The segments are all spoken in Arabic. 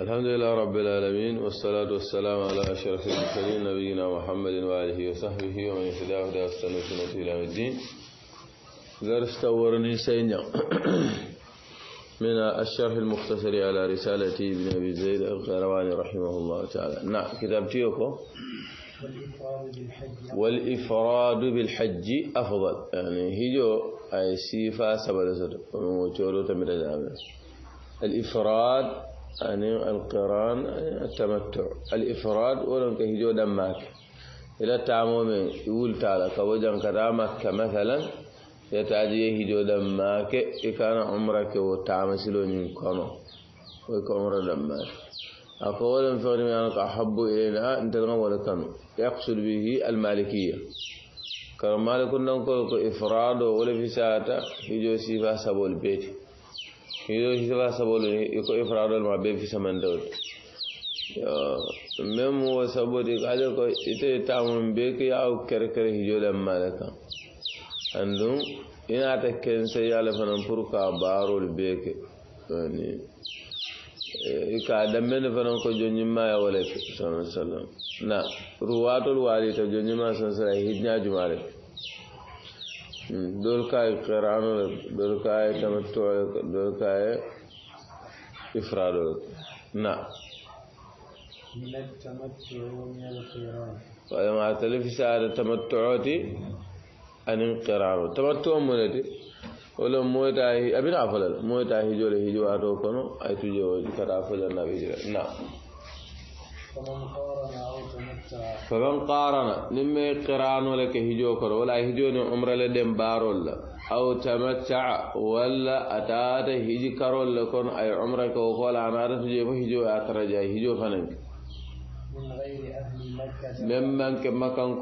الحمد لله رب العالمين والصلاة والسلام على أشرف المرسلين نبينا محمد وآله وصحبه ومن اهتدى هداه السنة سنته إلى الدين درس تورني سينا من الشرح المختصر على رسالة ابن أبي زيد القرواني رحمه الله تعالى نعم كتاب تيوكو والإفراد بالحج أفضل يعني هيجو أي سيفا سبب ومن وجوده تمر الإفراد يعني القران التمتع الافراد ولن كهجو دمك الى تعموم يقول تعالى كوجن كرامك مثلا يتاجي يهجو دمك كان عمرك وتعمسلو من كونه ويكون عمر دمك أقول فغني أنك أحب إلينا أن ولا كم يقصد به المالكية كرمالك أنك نقول إفراد ولا في ساعة يجو سيفا سبول بيتي hiɗo hisaba sabolu iko ifradol ma be fisa mandawol même wo sabodi ale ko ite tamum be ko yaw kere kere hijoɗen male kan andum inata kense yala fanan pour ka barol beke ani ka dambene fanan ko jonñimma ya wala fi sa sallam na ruwatol walita jonñimma sa sallam hijñajumale fi دول کا قرآن دول کا تمتع دول کا إفراد نعم من التمتع من القران ولما تلف سعادة تمتعاتي أن القران تمتع منتي ولا مويتاهي أبين أفلل مويتاهي جوله هجواتو كنو أي تجوه كتافلل نبي نعم فمن قارن لما قران لك هجو كر ولا هجوني عمر لدم بارول او تمتع ولا اتات هجي كرول لكن اي عمرك وقال انا رجي جيب هجو اترجا هجو فنك من غير اهل مكه ممن كما كان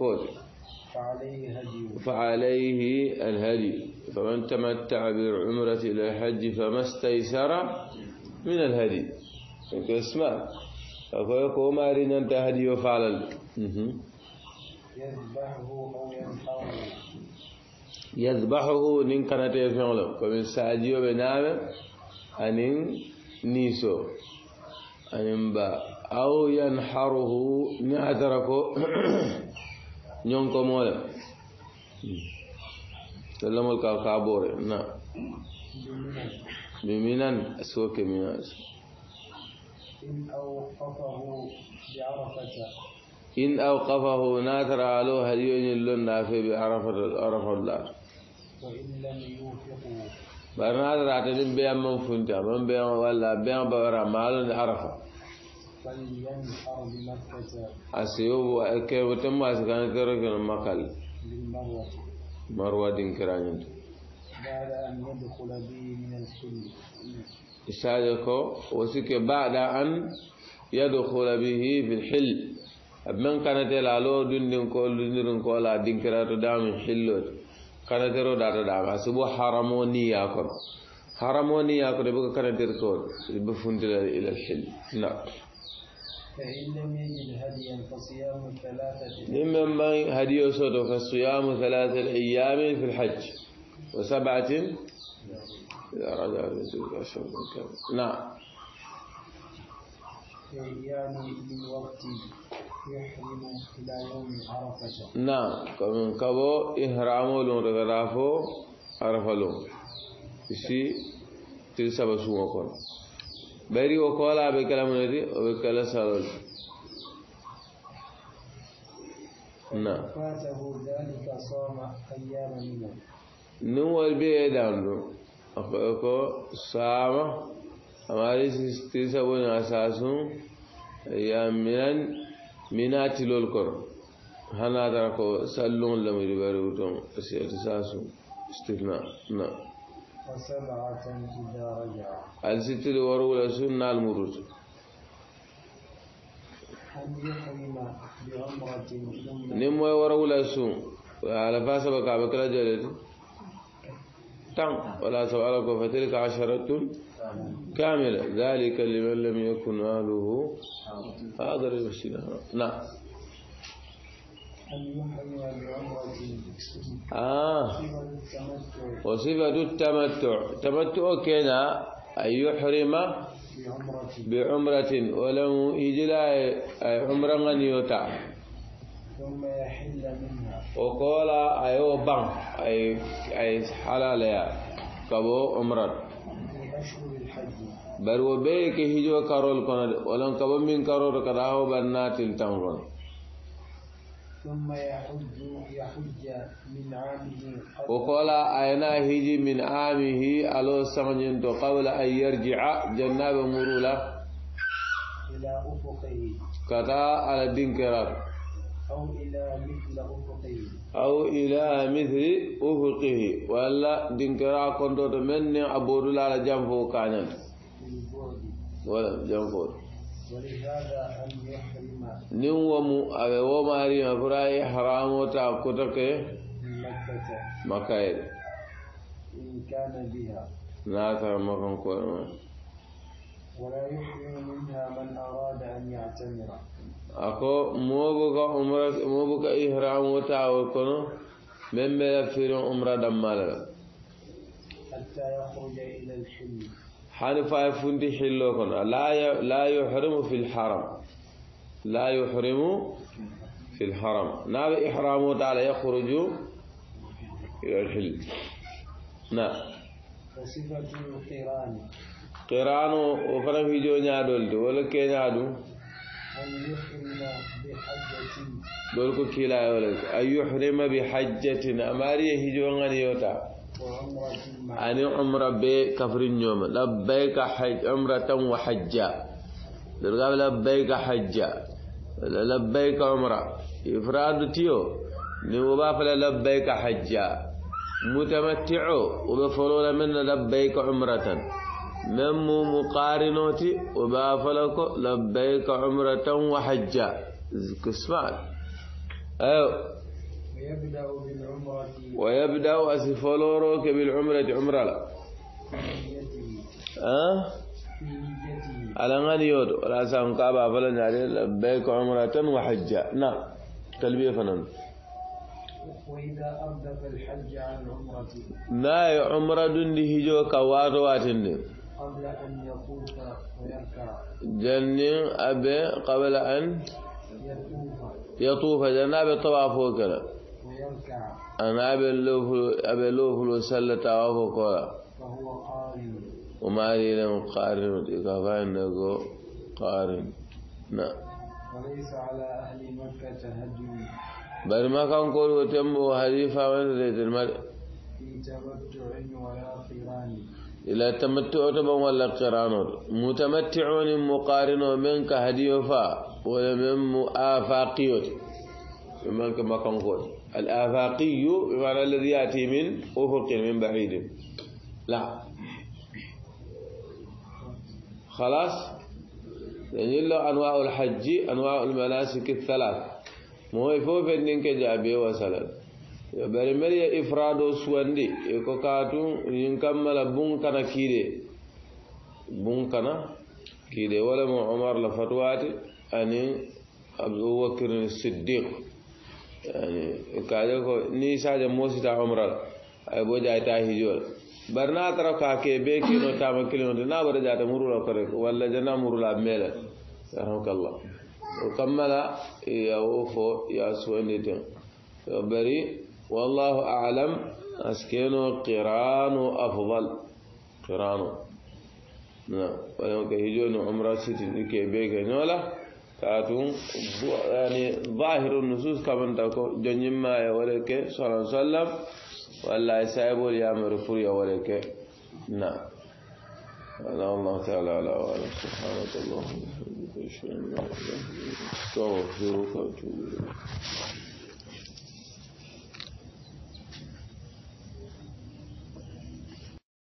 فعليه الهدي فمن تمتع بالعمرة إلى الحج فما استيسر من الهدي اسمع أقول لك وما أريد أن تهدي وفعل يذبحه أو ينفعه يذبحه نين كانت يفعل كم ساجيو بنام أنين نيسو أنين با أو ينحره نعتركو نيونكو مولا سلام الكعبور نعم بمنن أسوك من أسوك In au ƙafaho nata ra'alu haiyoyin lonna afe be arafa lwaki. Bari na ta ta ra'atu, in bai yi man finta, man bai yi ma wanda a bai yi ma fara mahalun arafa. A siyobu ake butun masu ganin ƙararren maka. Marwa ɗin kiran yadda. الشاجكو وسك بعد أن يدخل به في الحل من كانت لا لالو دندن كول دندن كولا دينكراتو دام حلوت كانت رو داتا دام سبو حرموني نيا حرموني حرمو نيا كون بك كانت ركول بفندل إلى الحل نعم فإن لم يجد هديا فصيام ثلاثة أيام. لمن هديه صوته فصيام ثلاثة أيام في الحج وسبعة نعم. إذا أراد أن يزوج أشهر من كذا نعم أيام من وقت يحرم إلى يوم عرفة نعم من كبو إحرام لون رغرافو عرفة لون إشي تلسى بيري نعم فاته ذلك صام أيام منه نور को साम हमारी तीसरा बोल सासू या मिनन मीना चिलोल करो हना तरह को सल्लून लमरी बार उठो से सासू स्थितना ना الورو الأسون نال مروج نمو ورو الأسون على فاسبك عبك رجلت تم ولا سؤالك فتلك عشرة كاملة ذلك لمن لم يكن ماله حاضر المسجد نعم بعمرة آه. وصفة التمتع تمتع كنا أن يحرم بعمرة ولم يجلى من يوتع o koola a ye o baŋ a ye a ye halaleya ka bo omra bari wo bee ye ke hijo karol kono de wo loŋ ka bo miŋ karoto ka taa wo bari naatil taŋ kono o koola a ye naa hiji min amihi aloo saŋñinto qawla an yarjica jannaaɓe muru la ka taa ala dinkerato أو إلى مثل أفقه أو إلى مثل أفقه ولا دينكرا كنت من أبور لا جنفو كانت ولا جنفو ولهذا أن يحرم نوم أبو ماري أفراي حرام تاكتك مكة مكة إن كان بها لا ترمكم كل ولا يحرم منها من أراد أن يعتمر ako moobo ka umra moobo ka ihram wota o kono men be firu umra dammala la hatta yakhruja ila al-hilm hal fa fundi hillo kono la la yuhrimu fil haram la yuhrimu fil haram na be ihram wota la yakhruju ila al-hilm na صفة القران قران وفرم هيجو نادول ولا كينادو أن يحرم بحجة يولد أن يحرم بحجة أماري هجوان غني يوتا أن عمر بي كفر اليوم لبيك حج عمرة وحجة دولكو لبيك حجة لبيك عمرة إفراد تيو نوبا فلا لبيك حجة متمتعو وبفرول من لبيك عمرة نمو مقارنوتي وبافلك لبيك عمرة وحجة اسمع أيوه ويبدأ بالعمرة ويبدأ أسفلوروك بالعمرة عمرة لا أه؟ على غني يود ولا سام كابا فلن ناري يعني لبيك عمرة وحجة نعم تلبية فنان وإذا أردف الحج عن عمرة ما عمرة دون هجوك واتندي قبل أن يطوف ويركع جنن أبي قبل أن يطوف جنة أبي طواف وكلا ويركع أنا أبي لوف أبي لوف وسلة طواف وكلا فهو قارن وما لي لم قارن كفاين قارن نعم وليس على أهل مكة تهجم بل ما كان قول وتم حديثا من ذي المرء في تمتع ولا قران إلى تمتع تبون ولا قران متمتعون مقارن منك هديوفا ولا من آفاقيوت منك مكان قول الآفاقي بمعنى الذي يأتي من أفق من بعيد لا خلاص يعني له أنواع الحج أنواع المناسك الثلاث مو يفوف إنك جابي وسلام bari meri ye ifrado suwandi e ko kaatu yin kammala bunkana kiide kiide wala mo omar la fatwaati ani abubakir siddiq yani kaje ko ni saja mosita omral ay bo jayta hijool bari na tara ka ke be kino tama kilinote na bara jata murula kore wala jana murula meela yarhamukallah o kammala ya wo ya suwandi ten bari والله أعلم أسكنوا قران أفضل قران نعم ولو كهجون عمره ستين كيبيك نولا تاتون يعني ظاهر النصوص كما تقول جنما يا ولك صلى الله عليه وسلم والله يسايبوا يا مرفور يا نعم هذا الله تعالى على أعلم سبحانك اللهم وبحمدك أشهد أن لا إله إلا أنت أستغفرك وأتوب إليك